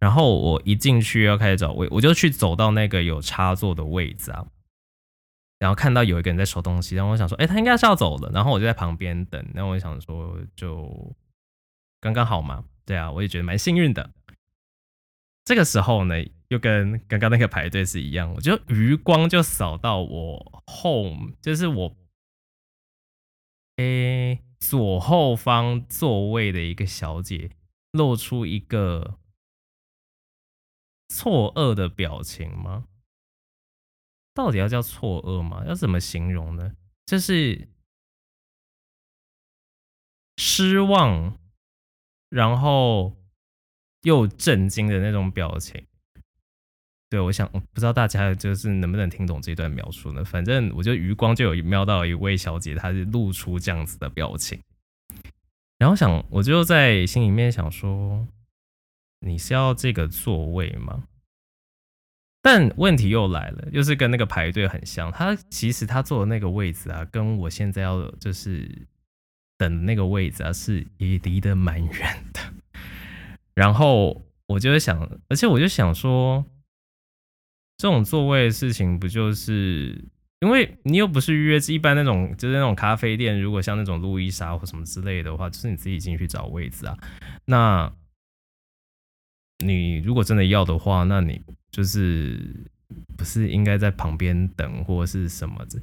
然後我一進去要開始找位，我就去走到那個有插座的位置啊，然後看到有一個人在收東西，然後我想說，哎，他應該是要走了，然後我就在旁邊等。那我想說，就剛剛好嘛，對啊，我也覺得蠻幸運的。這個時候呢，又跟剛剛那個排隊是一樣，我就餘光就掃到我後，就是我誒左後方座位的一個小姐露出一個。錯愕的表情嗎？到底要叫錯愕嗎？要怎麼形容呢？就是失望，然後又震驚的那種表情。對，我想，嗯，不知道大家就是能不能聽懂這段描述呢？反正我就餘光就有瞄到一位小姐，她是露出這樣子的表情，然後想，我就在心裡面想說。你是要這個座位嗎？但問題又來了，又是跟那個排隊很像。他其實他坐的那個位置啊，跟我現在要就是等的那個位置啊，是也離得蠻遠的。然後我就是想，而且我就想說，這種座位的事情不就是因為你又不是預約，一般那種就是那種咖啡店，如果像那種路易莎或什麼之類的話，就是你自己進去找位置啊，那。你如果真的要的話，那你就是不是應該在旁邊等，或者是什麼子？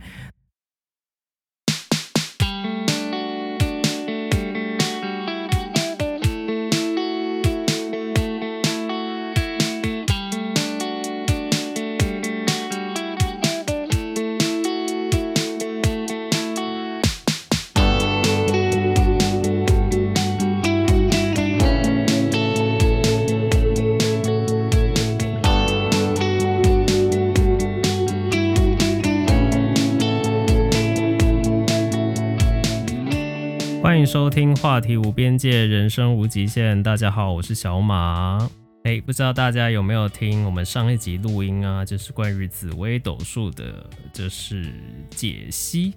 話題無邊界，人生無極限。大家好，我是小馬。哎、欸，不知道大家有沒有聽我們上一集錄音啊？就是關於紫微斗數的，就是解析。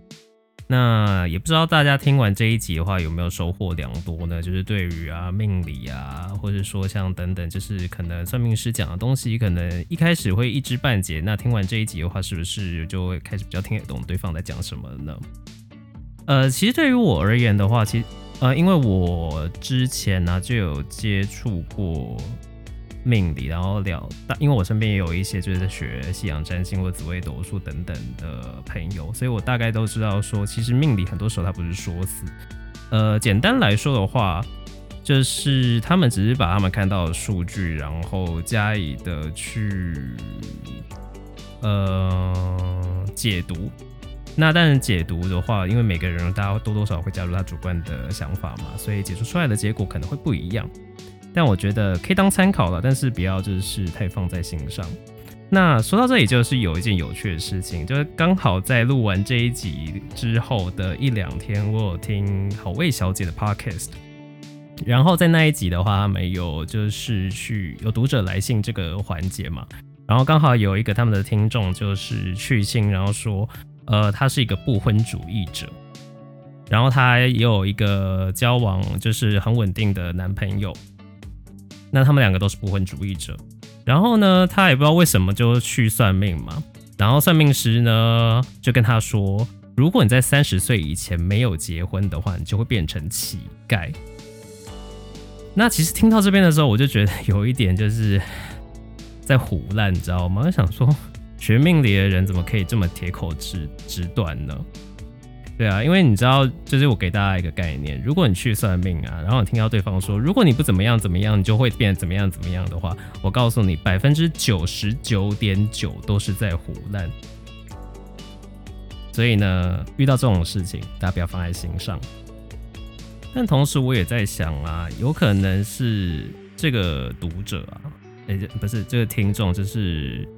那也不知道大家聽完這一集的話有沒有收穫良多呢？就是對於啊命理啊，或者說像等等，就是可能算命師講的東西，可能一開始會一知半解。那聽完這一集的話，是不是就會開始比較聽得懂對方在講什麼呢？呃，其實對於我而言的話，其實。呃，因為我之前呢，啊，就有接觸過命理，然後了，因為我身邊也有一些就是在學西洋占星或紫微斗數等等的朋友，所以我大概都知道說，其實命理很多時候它不是說死，呃，簡單來說的話，就是他們只是把他們看到的數據，然後加以的去呃解讀。那當然，解讀的話，因為每個人大家多多少少會加入他主觀的想法嘛，所以解讀出來的結果可能會不一樣。但我覺得可以當參考了，但是不要就是太放在心上。那說到這裡，就是有一件有趣的事情，就是剛好在錄完這一集之後的一兩天，我有聽好味小姐的 podcast。然後在那一集的話，沒有就是去有讀者來信這個環節嘛。然後剛好有一個他們的聽眾就是去信，然後說。呃，他是一個不婚主義者，然後他也有一個交往就是很穩定的男朋友，那他們兩個都是不婚主義者，然後呢，他也不知道為什麼就去算命嘛，然後算命師呢就跟他說，如果你在三十歲以前沒有結婚的話，你就會變成乞丐。那其實聽到這邊的時候，我就覺得有一點就是在唬爛，你知道嗎？我想說。學命理的人怎麼可以這麼鐵口直直斷呢？對啊，因為你知道，就是我給大家一個概念：如果你去算命啊，然後你聽到對方說“如果你不怎麼樣怎麼樣，你就會變怎麼樣怎麼樣”的話，我告訴你，百分之九十九點九都是在唬爛。所以呢，遇到這種事情，大家不要放在心上。但同時，我也在想啊，有可能是這個讀者啊，欸、不是這個聽眾，就是。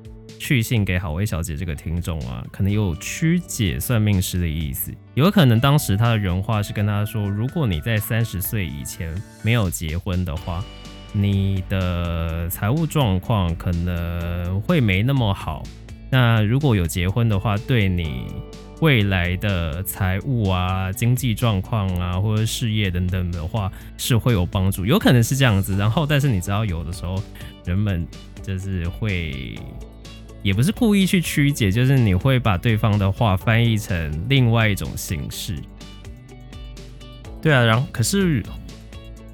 去信給郝薇小姐這個聽眾啊，可能有曲解算命師的意思，有可能當時他的原話是跟他說，如果你在三十歲以前沒有結婚的話，你的財務狀況可能會沒那麼好。那如果有結婚的話，對你未來的財務啊、經濟狀況啊，或者事業等等的話，是會有幫助，有可能是這樣子。然後，但是你知道，有的時候人們就是會。也不是故意去曲解，就是你會把對方的話翻譯成另外一種形式。對啊，然後可是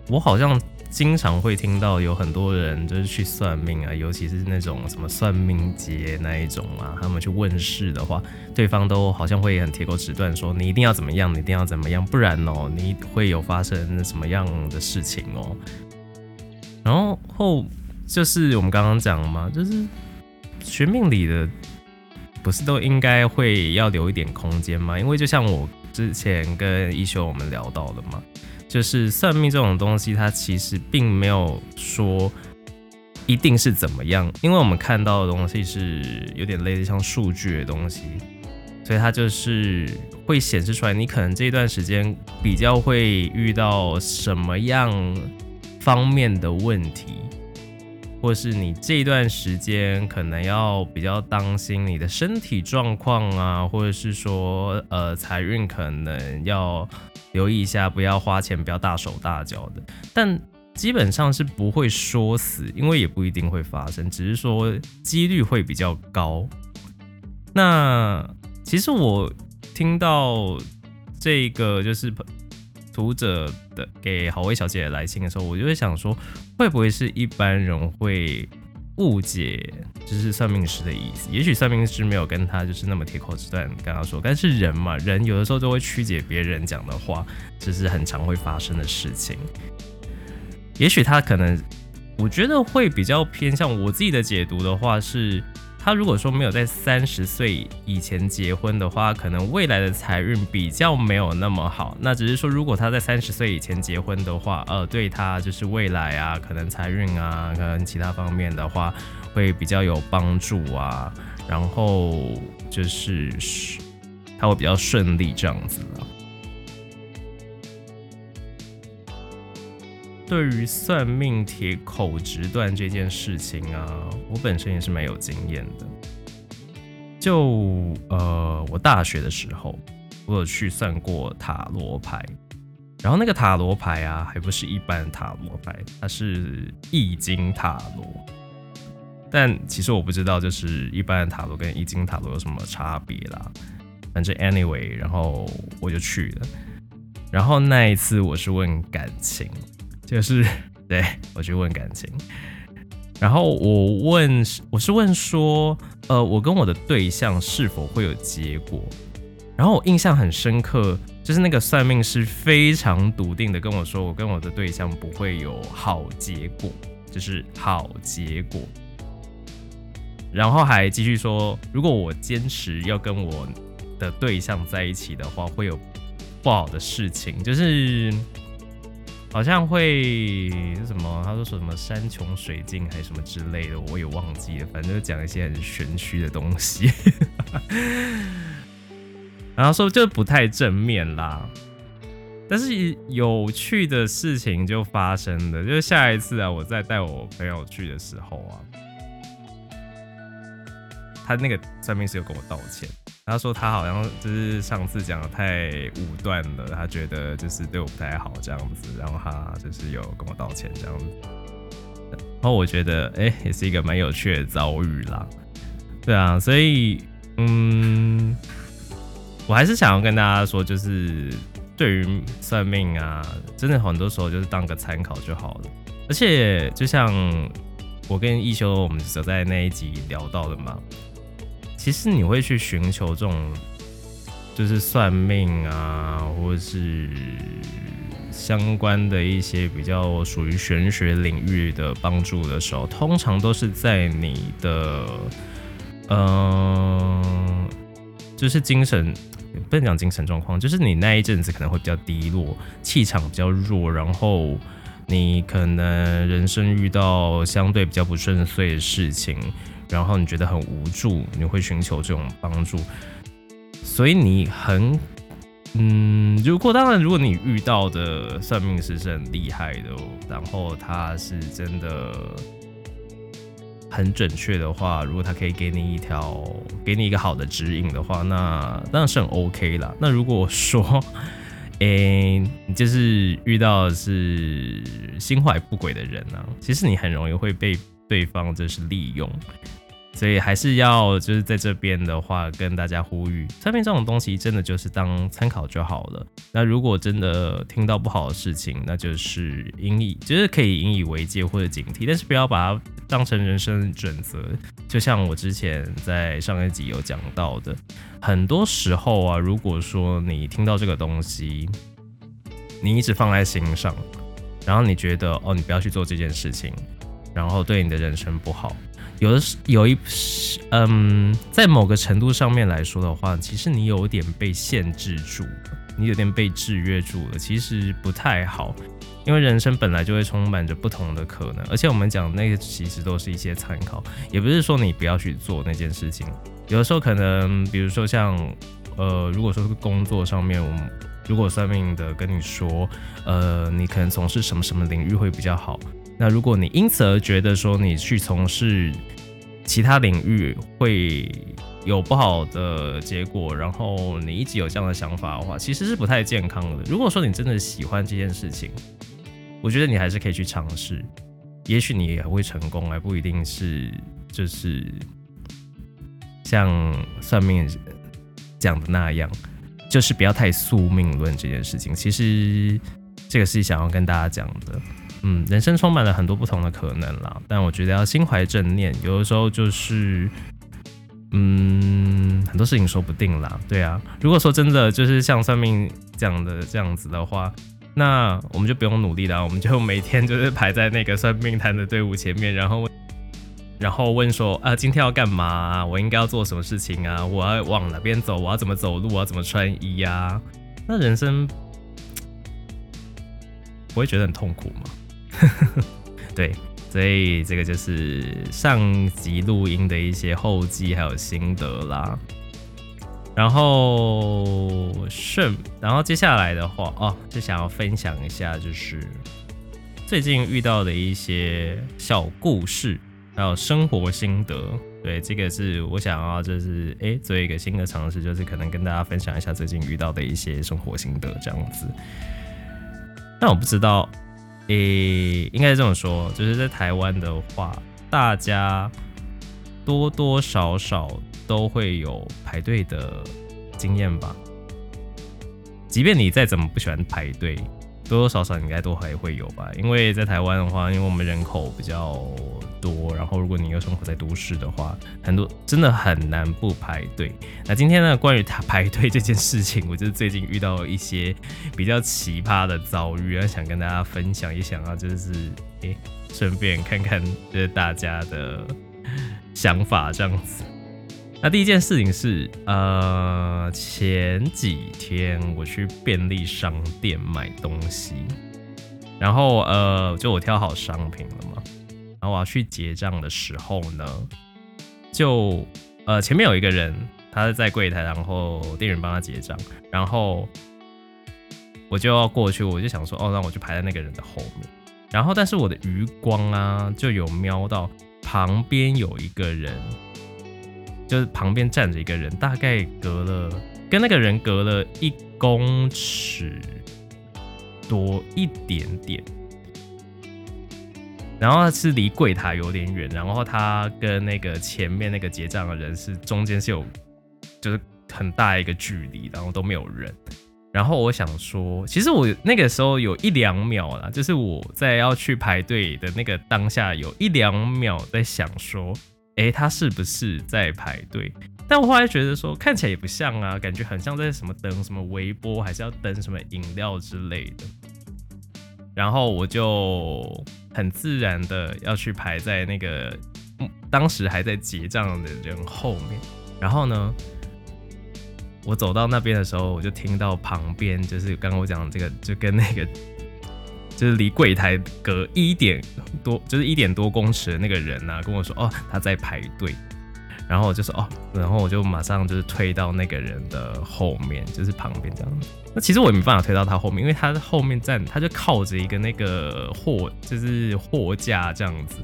我好像經常會聽到有很多人就是去算命啊，尤其是那種什麼算命街那一種啊，他們去問事的話，對方都好像會很鐵口直斷說，說你一定要怎麼樣，你一定要怎麼樣，不然哦，你會有發生什麼樣的事情哦。然後後就是我們剛剛講了嘛，就是。學命理的不是都應該會要留一點空間嗎？因為就像我之前跟一休我們聊到的嘛，就是算命這種東西，它其實並沒有說一定是怎麼樣，因為我們看到的東西是有點類似像數據的東西，所以它就是會顯示出來，你可能這段時間比較會遇到什麼樣方面的問題。或是你這段時間可能要比較當心你的身體狀況啊，或者是說呃財運可能要留意一下，不要花錢，不要大手大腳的。但基本上是不會說死，因為也不一定會發生，只是說幾率會比較高。那其實我聽到這個就是讀者的給好位小姐的來信的時候，我就會想說，會不會是一般人會誤解，就是算命師的意思？也許算命師沒有跟他就是那麼鐵口直斷，但剛剛說，但是人嘛，人有的時候都會曲解別人講的話，這是很常會發生的事情。也許他可能，我覺得會比較偏向我自己的解讀的話是。他如果說沒有在三十歲以前結婚的話，可能未來的財運比較沒有那麼好。那只是說，如果他在三十歲以前結婚的話，呃，對他就是未來啊，可能財運啊，可能其他方面的話，會比較有幫助啊。然後就是他會比較順利這樣子。對於算命、鐵口直斷這件事情啊，我本身也是蠻有經驗的。就呃，我大學的時候，我有去算過塔羅牌，然後那個塔羅牌啊，還不是一般的塔羅牌，它是易經塔羅。但其實我不知道，就是一般的塔羅跟易經塔羅有什麼差別啦。反正 anyway，然後我就去了，然後那一次我是問感情。就是，對，我去問感情，然後我問，我是問說，呃，我跟我的對象是否會有結果？然後我印象很深刻，就是那個算命師非常篤定的跟我說，我跟我的對象不會有好結果，就是好結果。然後還繼續說，如果我堅持要跟我的對象在一起的話，會有不好的事情，就是。好像會什麼？他說什麼山窮水盡還是什麼之類的，我也忘記了。反正就講一些很玄虛的東西， 然後說就不太正面啦。但是有趣的事情就發生了，就是下一次啊，我再帶我朋友去的時候啊，他那個算命師又跟我道歉。他說他好像就是上次講的太武斷了，他覺得就是對我不太好這樣子，然後他就是有跟我道歉這樣子，然後我覺得哎、欸、也是一個蠻有趣的遭遇啦，對啊，所以嗯，我還是想要跟大家說，就是對於算命啊，真的很多時候就是當個參考就好了，而且就像我跟一休我們早在那一集聊到的嘛。其實你會去尋求這種，就是算命啊，或是相關的一些比較屬於玄學領域的幫助的時候，通常都是在你的，嗯、呃，就是精神，不能講精神狀況，就是你那一陣子可能會比較低落，氣場比較弱，然後你可能人生遇到相對比較不順遂的事情。然後你覺得很無助，你會尋求這種幫助，所以你很，嗯，如果當然，如果你遇到的算命師是很厲害的哦，然後他是真的很準確的話，如果他可以給你一條，給你一個好的指引的話，那當然是很 OK 啦。那如果說，哎，你就是遇到的是心懷不軌的人呢，啊，其實你很容易會被。對方這是利用，所以還是要就是，在這邊的話，跟大家呼籲，上面這種東西真的就是當參考就好了。那如果真的聽到不好的事情，那就是引以就是可以引以為戒或者警惕，但是不要把它當成人生準則。就像我之前在上一集有講到的，很多時候啊，如果說你聽到這個東西，你一直放在心上，然後你覺得哦，你不要去做這件事情。然後對你的人生不好，有的是有一，嗯，在某個程度上面來說的話，其實你有點被限制住了，你有點被制約住了，其實不太好。因為人生本來就會充滿着不同的可能，而且我們講那個其實都是一些參考，也不是說你不要去做那件事情。有的時候可能，比如說像，呃，如果說是工作上面，我們如果算命的跟你說，呃，你可能從事什麼什麼領域會比較好。那如果你因此而覺得說你去從事其他領域會有不好的結果，然後你一直有這樣的想法的話，其實是不太健康的。如果說你真的喜歡這件事情，我覺得你還是可以去嘗試，也許你也會成功，還不一定是就是像算命講的那樣，就是不要太宿命論這件事情。其實這個是想要跟大家講的。嗯，人生充滿了很多不同的可能啦，但我覺得要心懷正念，有的時候就是，嗯，很多事情說不定啦，對啊，如果說真的就是像算命這樣的這樣子的話，那我們就不用努力啦，我們就每天就是排在那個算命攤的隊伍前面，然後然後問說啊，今天要幹嘛啊？我應該要做什麼事情啊？我要往哪邊走？我要怎麼走路？我要怎麼穿衣呀啊？那人生不會覺得很痛苦嗎？ 對，所以這個就是上集錄音的一些後記還有心得啦。然後剩，然後接下來的話哦，就想要分享一下，就是最近遇到的一些小故事，還有生活心得。對，這個是我想要，就是誒，做、欸、一個新的嘗試，就是可能跟大家分享一下最近遇到的一些生活心得這樣子。但我不知道。誒，應該是這麼說，就是在台灣的話，大家多多少少都會有排隊的經驗吧，即便你再怎麼不喜歡排隊。多多少少應該都還會有吧，因為在台灣的話，因為我們人口比較多，然後如果你有生活在都市的話，很多真的很難不排隊。那今天呢，關於他排隊這件事情，我就是最近遇到一些比較奇葩的遭遇，想跟大家分享一下啊，就是誒，順便看看這大家的想法這樣子。那第一件事情是，呃，前幾天我去便利商店買東西，然後呃，就我挑好商品了嘛，然後我要去結賬的時候呢，就呃，前面有一個人，他在櫃檯，然後店員幫他結賬，然後我就要過去，我就想說，哦，那我就排在那個人的後面，然後但是我的餘光啊，就有瞄到旁邊有一個人。就是旁邊站着一個人，大概隔了跟那個人隔了一公尺多一點點，然後是離櫃檯有點遠，然後他跟那個前面那個結賬的人是中間是有就是很大一個距離，然後都沒有人。然後我想說，其實我那個時候有一兩秒啦，就是我在要去排隊的那個當下，有一兩秒在想說。誒、欸，他是不是在排隊？但我後來覺得說，看起來也不像啊，感覺很像在什麼等、什麼微波，還是要等什麼飲料之類的。然後我就很自然的要去排在那個當時還在結賬的人後面。然後呢，我走到那邊的時候，我就聽到旁邊就是剛剛我講的這個，就跟那個。就是離櫃檯隔一點多，就是一點多公尺的那個人呢、啊，跟我說哦，他在排隊，然後我就說哦，然後我就馬上就是推到那個人的後面，就是旁邊這樣。那其實我也沒辦法推到他後面，因為他後面站，他就靠着一個那個貨，就是貨架這樣子。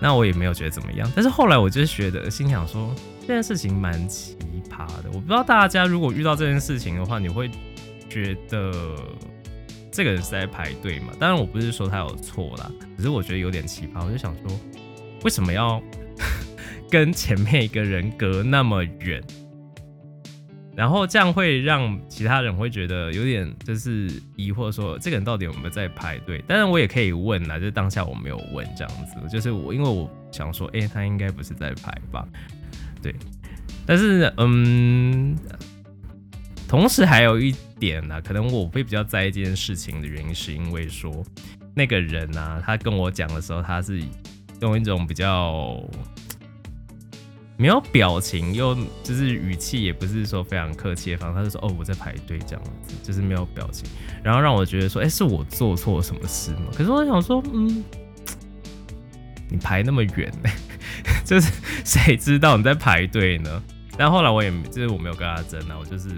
那我也沒有覺得怎麼樣，但是後來我就覺得心想說這件事情蠻奇葩的，我不知道大家如果遇到這件事情的話，你會覺得。這個人是在排隊嘛？當然，我不是說他有錯啦，只是我覺得有點奇葩。我就想說，為什麼要跟前面一個人隔那麼遠？然後這樣會讓其他人會覺得有點就是疑惑說，說這個人到底有沒有在排隊？當然，我也可以問啦，就是、當下我沒有問這樣子，就是我因為我想說，哎、欸，他應該不是在排吧？對。但是，嗯，同時還有一。點啊，可能我會比較在意這件事情的原因，是因為說那個人啊，他跟我講的時候，他是用一種比較沒有表情，又就是語氣也不是說非常客氣的方式，他就說：“哦，我在排隊這樣子，就是沒有表情。”然後讓我覺得說：“哎，是我做錯什麼事嗎？”可是我想說：“嗯，你排那麼遠，就是誰知道你在排隊呢？”但後來我也就是我沒有跟他爭了，啊，我就是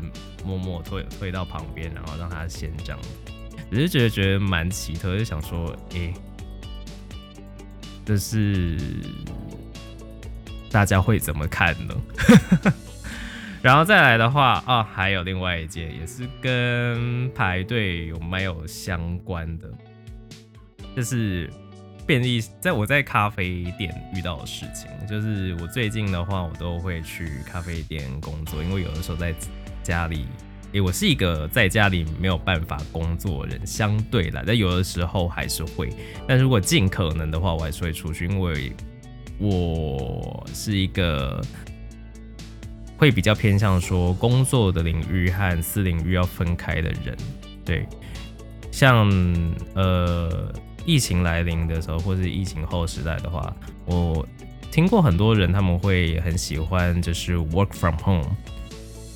默默推推到旁邊，然後讓他先講。只是覺得覺得蠻奇特，就想說，哎，這是大家會怎麼看呢？ 然後再來的話啊，還有另外一件也是跟排隊有沒有相關的，就是。便利，在我在咖啡店遇到的事情，就是我最近的話，我都會去咖啡店工作，因為有的時候在家裡，誒、欸，我是一個在家裡沒有辦法工作的人，相對啦，但有的時候還是會，但如果盡可能的話，我還是會出去，因為我是一個會比較偏向說工作的領域和私領域要分開的人，對，像呃。疫情來臨的時候，或是疫情後時代的話，我聽過很多人他們會很喜歡，就是 work from home。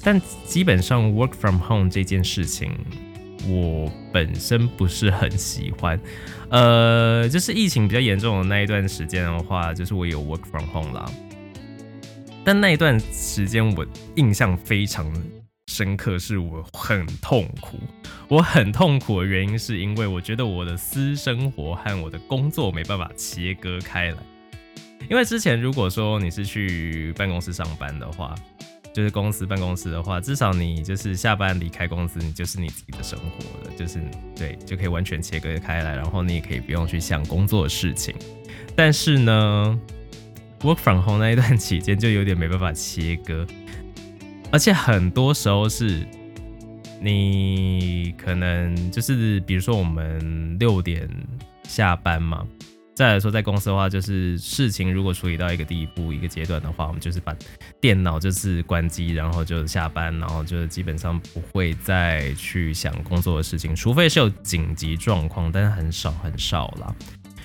但基本上 work from home 這件事情，我本身不是很喜歡。呃，就是疫情比較嚴重的那一段時間的話，就是我有 work from home 啦。但那一段時間我印象非常。深刻，是我很痛苦，我很痛苦的原因是因為我覺得我的私生活和我的工作沒辦法切割開來。因為之前如果說你是去辦公室上班的話，就是公司辦公室的話，至少你就是下班離開公司，你就是你自己的生活了，就是對，就可以完全切割開來，然後你也可以不用去想工作的事情。但是呢，work from home 那一段期間就有點沒辦法切割。而且很多時候是，你可能就是，比如說我們六點下班嘛。再來說在公司的話，就是事情如果處理到一個地步、一個階段的話，我們就是把電腦就是關機，然後就下班，然後就基本上不會再去想工作的事情，除非是有緊急狀況，但是很少很少啦。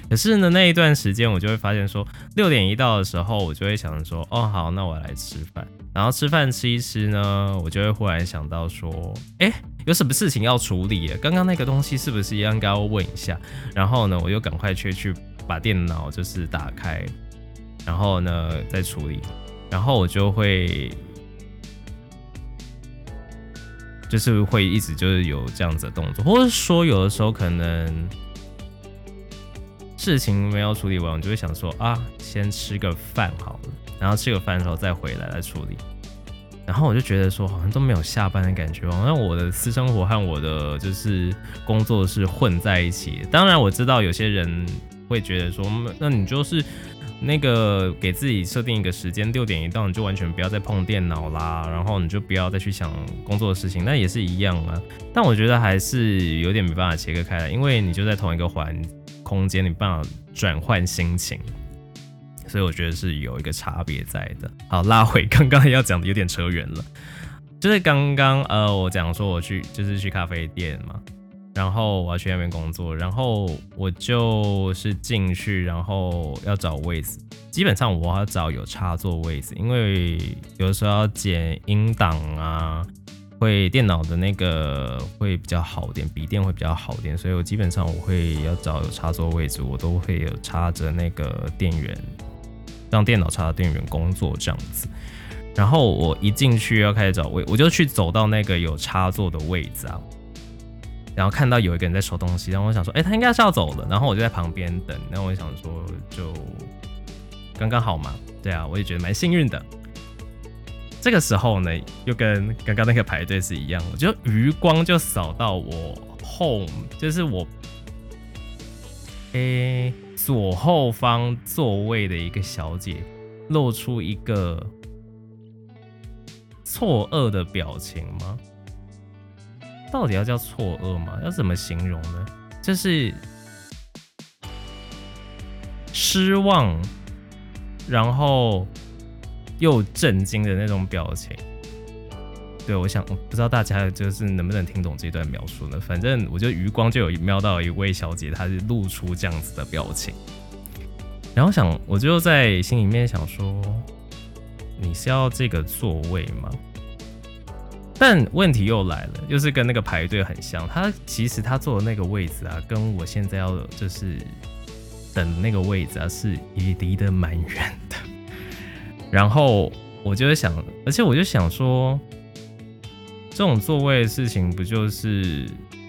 可是呢，那一段時間我就會發現說，六點一到的時候，我就會想說，哦好，那我來吃飯。然後吃飯吃一吃呢，我就會忽然想到說，哎、欸，有什麼事情要處理？剛剛那個東西是不是應該要問一下？然後呢，我又趕快去去把電腦就是打開，然後呢再處理。然後我就會，就是會一直就是有這樣子的動作，或者說有的時候可能。事情沒有處理完，我就會想說啊，先吃個飯好了，然後吃個飯的時候再回來來處理。然後我就覺得說，好像都沒有下班的感覺，好像我的私生活和我的就是工作是混在一起。當然我知道有些人會覺得說，那你就是那個給自己設定一個時間，六點一到你就完全不要再碰電腦啦，然後你就不要再去想工作的事情。那也是一樣啊，但我覺得還是有點沒辦法切割開來，因為你就在同一個環。空間，你辦法轉換心情，所以我覺得是有一個差別在的。好，拉回剛剛要講的，有點扯遠了，就是剛剛呃，我講說我去就是去咖啡店嘛，然後我要去那邊工作，然後我就是進去，然後要找位置，基本上我要找有插座位置，因為有的時候要剪音檔啊。會電腦的那個會比較好點，筆電會比較好點，所以我基本上我會要找有插座位置，我都會有插着那個電源，讓電腦插到電源工作這樣子。然後我一進去要開始找位，我就去走到那個有插座的位置啊，然後看到有一個人在收東西，然後我想說，哎、欸，他應該是要走了，然後我就在旁邊等。那我想說，就剛剛好嘛，對啊，我也覺得蠻幸運的。這個時候呢，又跟剛剛那個排隊是一樣的，就餘光就掃到我後，就是我，誒、欸，左後方座位的一個小姐露出一個錯愕的表情嗎？到底要叫錯愕嗎？要怎麼形容呢？就是失望，然後。又震驚的那種表情，對，我想，不知道大家就是能不能聽懂這段描述呢？反正我就餘光就有瞄到一位小姐，她是露出這樣子的表情，然後想，我就在心裡面想說，你是要這個座位嗎？但問題又來了，又是跟那個排隊很像。他其實他坐的那個位置啊，跟我現在要就是等那個位置啊，是也離得蠻遠。然後我就會想，而且我就想說，這種座位的事情不就是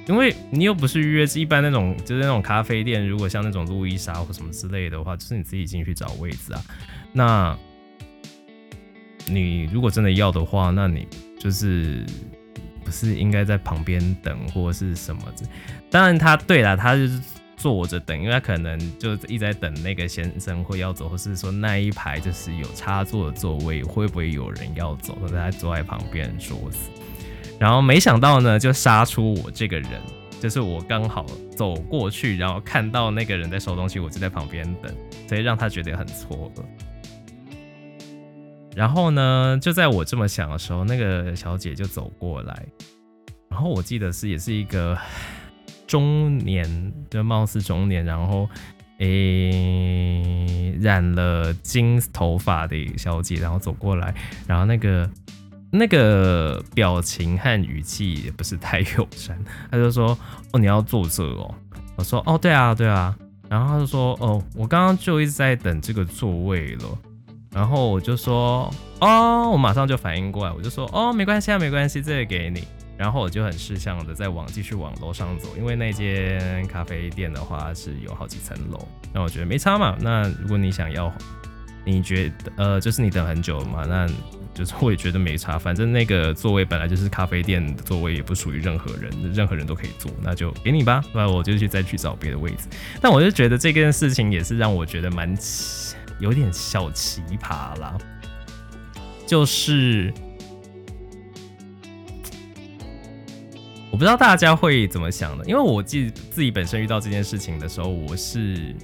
因為你又不是預約，一般那種就是那種咖啡店，如果像那種路易莎或什麼之類的話，就是你自己進去找位置啊。那你如果真的要的話，那你就是不是應該在旁邊等或是什麼的。當然他，他對了，他就是。坐着等，因為他可能就一直在等那個先生會要走，或是說那一排就是有插座的座位會不會有人要走，所以他坐在旁邊桌子。然後沒想到呢，就殺出我這個人，就是我剛好走過去，然後看到那個人在收東西，我就在旁邊等，所以讓他覺得很錯愕。然後呢，就在我這麼想的時候，那個小姐就走過來，然後我記得是也是一個。中年，就貌似中年，然後誒、欸、染了金頭髮的一個小姐，然後走過來，然後那個那個表情和語氣也不是太友善，他就說：“哦，你要坐這哦？”我說：“哦，對啊，對啊。”然後他就說：“哦，我剛剛就一直在等這個座位了。”然後我就說：“哦，我馬上就反應過來。”我就說：“哦，沒關係啊，沒關係，這個給你。”然後我就很識相的再往繼續往樓上走，因為那間咖啡店的話是有好幾層樓，那我覺得沒差嘛。那如果你想要，你覺得呃，就是你等很久嘛，那就是我也覺得沒差，反正那個座位本來就是咖啡店的座位，也不屬於任何人，任何人都可以坐，那就給你吧。那我就去再去找別的位置。但我就覺得這件事情也是讓我覺得蠻有點小奇葩啦，就是。我不知道大家會怎麼想的，因為我自自己本身遇到這件事情的時候，我是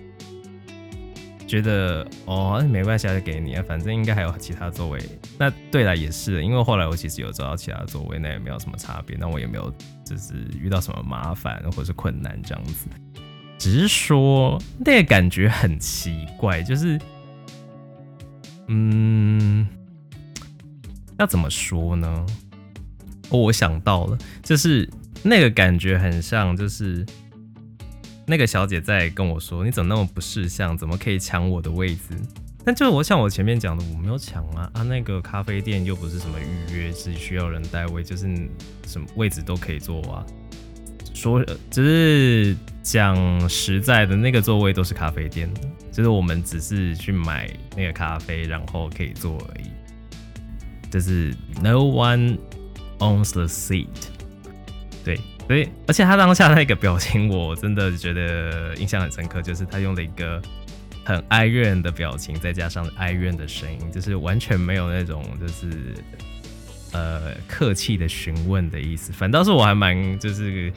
覺得哦，沒關係，啊，就給你，反正應該還有其他座位。那對了，也是，因為後來我其實有找到其他座位，那也沒有什麼差別，那我也沒有就是遇到什麼麻煩或是困難這樣子。只是說那個感覺很奇怪，就是嗯，要怎麼說呢？哦，oh, 我想到了，就是那個感覺很像，就是那個小姐在跟我說：“你怎麼那麼不識相？怎麼可以搶我的位置？”但就是我想我前面講的，我沒有搶啊！啊，那個咖啡店又不是什麼預約，是需要人帶位，就是什麼位置都可以坐啊。說、呃、就是講實在的，那個座位都是咖啡店的，就是我們只是去買那個咖啡，然後可以坐而已。就是 no one。On the seat，對，所以而且他當下那個表情我真的覺得印象很深刻，就是他用了一個很哀怨的表情，再加上哀怨的聲音，就是完全沒有那種就是呃客氣的詢問的意思，反倒是我還蠻就是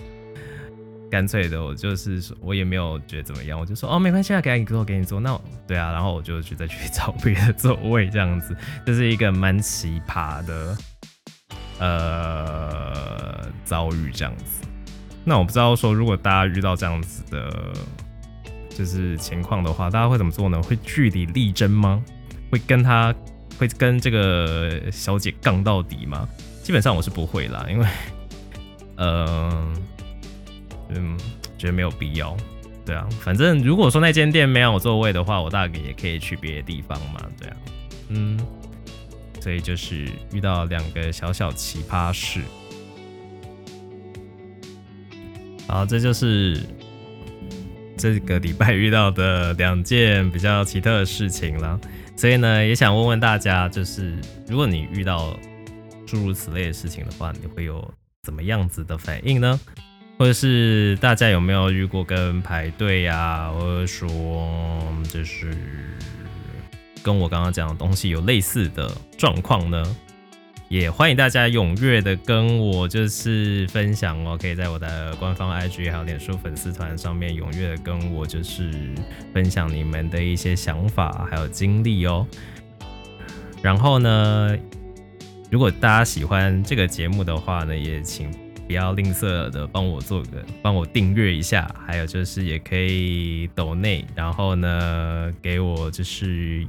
乾脆的，我就是我也沒有覺得怎麼樣，我就說哦，沒關係啊，給你坐給你坐。那對啊，然後我就去再去找別的座位這樣子，這、就是一個蠻奇葩的。呃，遭遇這樣子，那我不知道說，如果大家遇到這樣子的，就是情況的話，大家會怎麼做呢？會據理力爭嗎？會跟他，會跟這個小姐槓到底嗎？基本上我是不會啦，因為，呃，嗯，覺得沒有必要。對啊，反正如果說那間店沒有座位的話，我大概也可以去別的地方嘛，對啊，嗯。所以就是遇到兩個小小奇葩事，好，這就是這個禮拜遇到的兩件比較奇特的事情了。所以呢，也想問問大家，就是如果你遇到諸如此類的事情的話，你會有怎麼樣子的反應呢？或者是大家有沒有遇過跟排隊呀，或者說就是。跟我剛剛講的東西有類似的狀況呢，也歡迎大家踴躍的跟我就是分享哦，可以在我的官方 IG 還有臉書粉絲團上面踴躍的跟我就是分享你們的一些想法還有經歷哦。然後呢，如果大家喜歡這個節目的話呢，也請不要吝嗇的幫我做個，幫我訂閱一下，還有就是也可以抖內，然後呢給我就是。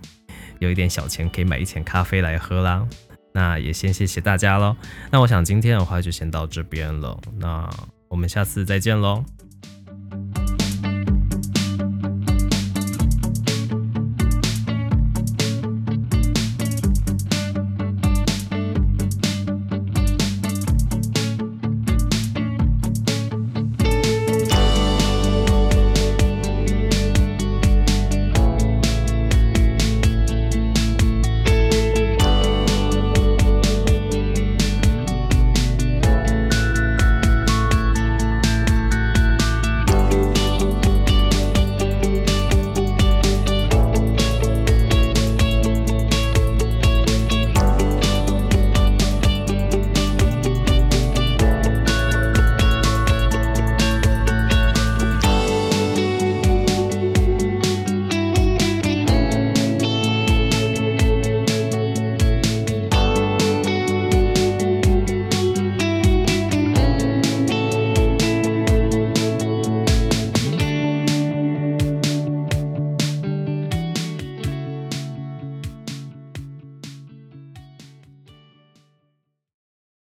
有一點小錢可以買一錢咖啡來喝啦，那也先謝謝大家嘍。那我想今天的話就先到這邊了，那我們下次再見嘍。